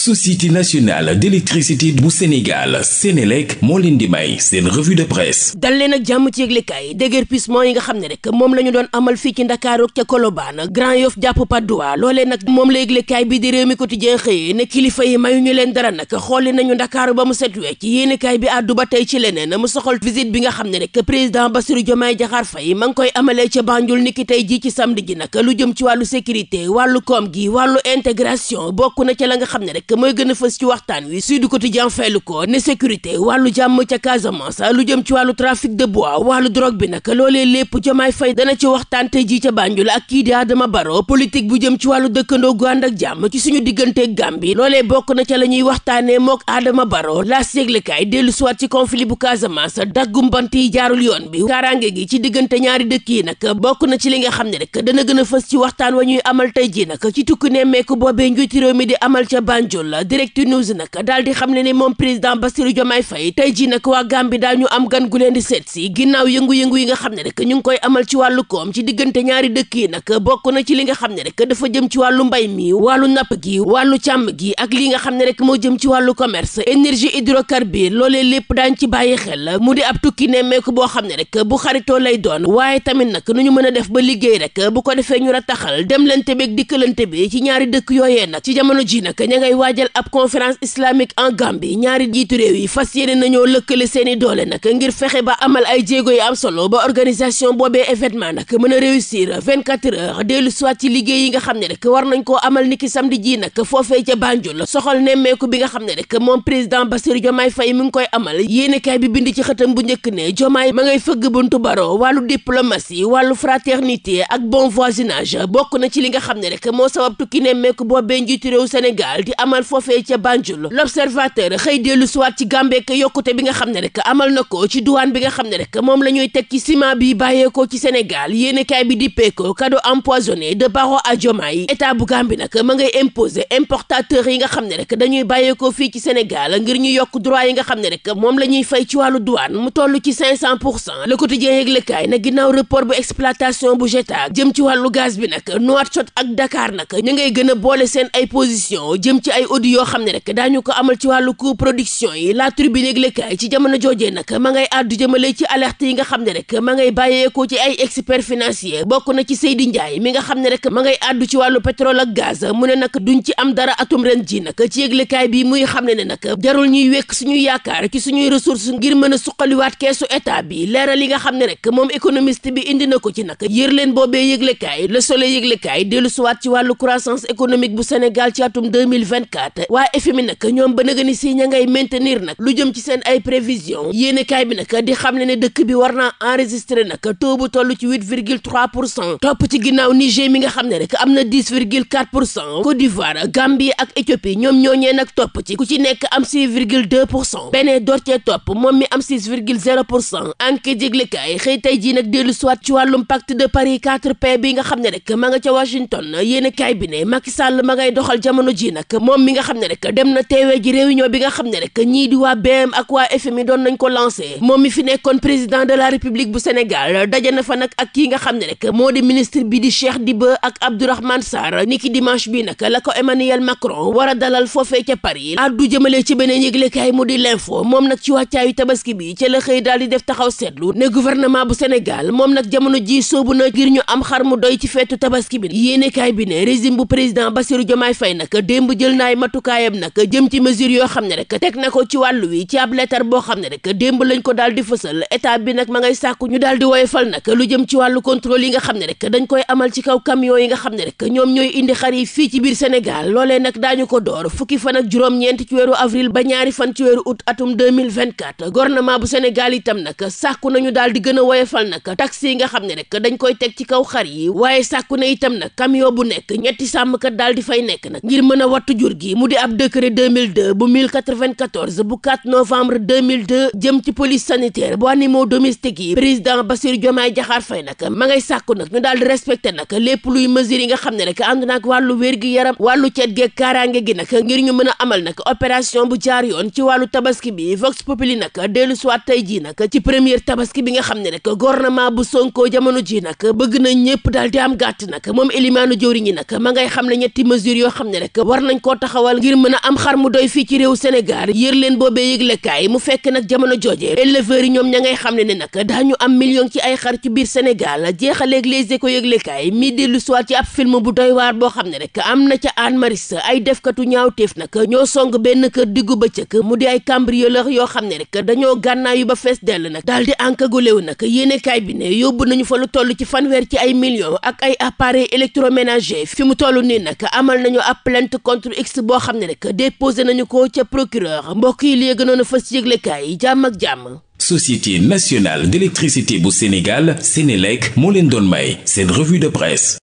société nationale d'électricité bu Sénégal Sénélec moo leen di may seen revue de presse dal leen ak jàmm ci yëglekaay déguerpissement yi nga xam ne rek moom la ñu doon amal fii ci Ndakaaru ca Colobane Grand Yoff jàpp Padoa loolee nag moom la yëglekaay bi di réew mi quotidien xëyee ne kilifa yi mayu ñu leen dara nag xooli nañu Ndakaaru ba mu set wecc yéenekaay bi àddu ba tey ci leneen mu soxal visite bi nga xam ne rek président Bassirou Diomaye Diakhar Faye ma ngi koy amalee ca Banjul niki tey ji ci samedi ji nag lu jëm ci wàllu sécurité wàllu koom gi wàllu intégration bokk na ca la nga xam ne rek rek mooy gën a fës ci waxtaan wi Sud Quotidien faylu ko ne sécurité wàllu jàmm ca Casamance lu jëm ci wàllu trafic de bois wàllu drogue bi nag loole lépp Diomaye fay dana ci waxtaan tey jii ca Banjul ak kii di Adama baro politique bu jëm ci wàllu dëkkandoo gu ànd ak jàmm ci suñu diggante Gambie loolee bokk na ca la ñuy waxtaanee mook Adama baro laas yëglekaay dellu siwaat ci conflit bu Casamance daggum bant yi jaarul yoon bi kaaraange gi ci diggante ñaari dëkk yi nag bokk na ci li nga xam ne rek dana gën fës ci waxtaan wa ñuy amal tey jii nag ci tukki nemmeeku boobee njiitu réew mi di amal ca Banjul Banjul direct news nag daal di xam ne ni moom président Bassirou Diomaye Faye tey jii nag waa Gambie daa ñu am gan gu leen di seet si ginnaaw yëngu-yëngu yi nga xam ne rek ñu ngi koy amal ci wàllu koom ci diggante ñaari dëkk yi nag bokk na ci li nga xam ne rek dafa jëm ci wàllu mbay mi wàllu napp gi wàllu càmm gi ak li nga xam ne rek moo jëm ci wàllu commerce énergie hydrocarbure loolee lépp daañ ci bàyyi xel mu di ab tukki nemmeeku boo xam ne rek bu xaritoo lay doon waaye tamit nag nu ñu mën a def ba liggéey rek bu ko defee ñu rataxal dem lante beeg dikkalante bi ci ñaari dëkk yooyee nag ci jamono ji nag waajal ab conférence islamique en Gambie ñaari jiitu réew yi fas yéene nañoo lëkkale seeni doole nag ngir fexe ba amal ay jéego yu am solo ba organisation boobee événement nag mën a réussir 24 heures dellu soit ci liggéey yi nga xam ne rek war nañ koo amal niki samedi ji nag foofee ca Banjul soxal nemmeeku bi nga xam ne rek moom président Bassirou Diomaye Faye mi ngi koy amal yéenekaay bi bind ci xëtam bu njëkk ne Diomaye ma ngay fëgg buntu baro wàllu diplomatie wàllu fraternité ak bon voisinage bokk na ci li nga xam ne rek moo sabab tukki nemmeeku boobee njiitu réew Sénégal di amal amal foofee ca Banjul l'observateur xëy dellu siwaat ci gàmbeek yokkute bi nga xam ne rek amal na ko ci douane bi nga xam ne rek moom la ñuy teg ci ciment bi bàyyeekoo ci Sénégal yéenekaay bi di peeko cadeau empoisonné de Baro à Diomaye état bu Gambie nag ma ngay imposer importateur yi nga xam ne rek dañuy bàyyeekoo fii ci Sénégal ngir ñu yokk droit yi nga xam ne rek moom la ñuy fay ci wàllu douane mu toll ci 500 pour cent le quotidien yëglekaay na ginnaaw report bu exploitation bu JETA jëm ci wàllu gaz bi nag Nouakchott ak Dakar nag ñu ngay gën a boole seen ay position jëm audit yoo xam ne rek daañu ko amal ci wàllu coproduction yi la tribune yëglekaay ci jamono joojee nag ma jëmale ci alerte yi nga xam ne rek ma ngay bàyyeekoo ci ay expert bokk na ci Seydi Ndiaye mi nga xam ne rek ma ngay àddu ci wàllu pétrole ak mu ne nag duñ ci am dara atum ren ji nag ci yëglekaay bi muy xam ne ne nag jarul ñuy wekk suñuy yaakaar ci suñuy ressource ngir mën a suqaliwaat keesu état bi leeral yi nga xam ne rek moom économiste bi indi na ko ci nag yër leen boobee yëglekaay Le Soleil yëglekaay dellu suwaat ci wàllu croissance économique bu Sénégal ci atum 2024 yokkaat waa FMI nag ñoom ba naga ni si ña ngay maintenir nag lu jëm ci seen ay prévision yéenekaay bi nag di xam ne ne dëkk bi war naa enregistré nag taux bu ci topp ci ginnaaw Niger mi nga xam ne rek am na 10 virgule 4 pour cent Côte d'Ivoire Gambie ak Éthiopie ñoom ñooñee nag topp ci ku ci nekk am 6 virgule topp moom mi am 6 virgule 0 pour nag dellu soit ci wàllum pacte de Paris 4P bi nga xam ne rek ma nga ca Washington yéenekaay bi ne mi nga xam ne rek dem na teewee ji réunion bi nga xam ne rek ñii di waa BM ak waa FMI doon nañ ko lancé moom mi fi nekkoon président de la république bu Sénégal daje na fa nag ak kii nga xam ne rek moo di ministre bi di Cheikh Diba ak Abdourahmane Sarr niki dimanche bi nag la ko Emmanuel Macron war a dalal foofee ca Paris addu jëmale ci beneen yëglekaay mu di l'info moom nag ci wàccaayu tabaski bi ca la xëy daal di def taxaw seetlu ne gouvernement bu Sénégal moom nag jamono ji soobu na ngir ñu am xar mu doy ci feetu tabaski bi yéenekaay bi ne régime bu président Bassirou Diomaye Faye nag démb ay matukaayam nag jëm ci mesure yoo xam ne rek teg na ko ci wàll wi ci ab lettre boo xam ne rek démb lañ ko daal di fësal état bi nag ma ngay sàkku ñu daal di woyofal nag lu ci wàllu contrôle yi nga xam ne rek dañ koy amal ci kaw camion yi nga xam ne rek ñoom ñooy indi xar yi fii ci biir Sénégal loolee nag daañu ko door fukki fan ak juróom-ñeent ci weeru avril ba ñaari fan ci weeru août atum 2024 gouvernement bu Sénégal itam nag sàkku nañu daal di gën a woyofal nag taxi yi nga xam ne rek dañ koy teg ci kaw xar yi waaye sàkku na itam nag camion bu nekk ñetti sàmmkat daal di fay nekk nag ngir mën a wattu jur gi mu di ab mill 2002 bu 1094 bu 4 novembre 2002 jëm ci police sanitaire bu animaux domestiques yi président Bassirou Diomaye Diakhar Faye nag ma ngay sàkku nag ñu daal di respecté nag lépp luy mesure yi nga xam ne rek ànd naag wàllu wér-gi-yaram wàllu cet geeg kaaraange gi nag ngir ñu mën amal nag opération bu jaar yoon ci wàllu tabaski bi Vox Populi nag dellu siwaat tey jii nag ci première tabaski bi nga xam ne rek gouvernement bu Sonko jamono ji nag bëgg na ñëpp daal di am gàtt nag moom Elimaanu jëwriñ ñi nag ma ngay xam ne ñetti mesure yoo xam ne rek war nañ koo tax taxawal ngir mën a am xar mu doy fii ci réew Sénégal yër leen boobee yëglekaay mu fekk nag jamono jooje éleveurs yi ñoom ña ngay xam ne ne nag daañu am million ci ay xar ci biir Sénégal jeexaleeg Les Échos yëglekaay mi dellu soit ci ab film bu doy waar boo xam ne rek am na ca Anne Maris ay defkatu ñaawteef nag ñoo song benn kër diggu bëccëg mu di ay cambrioleur yoo xam ne rek dañoo gànnaayu ba fees dell nag daal di encagoléwu nag yéenekaay bi ne yóbbu nañu fa lu toll ci fanweer ci ay millions ak ay appareils électroménagers fi mu toll nii nag amal nañu ab plainte contre boo xam ne rek déposé nañu ko ca procureur mbokk yi léegi noonu fas yëglekaay yi jàmm ak jàmm société nationale d'électricité bu Sénégal Sénélec moo leen doon may seen revue de presse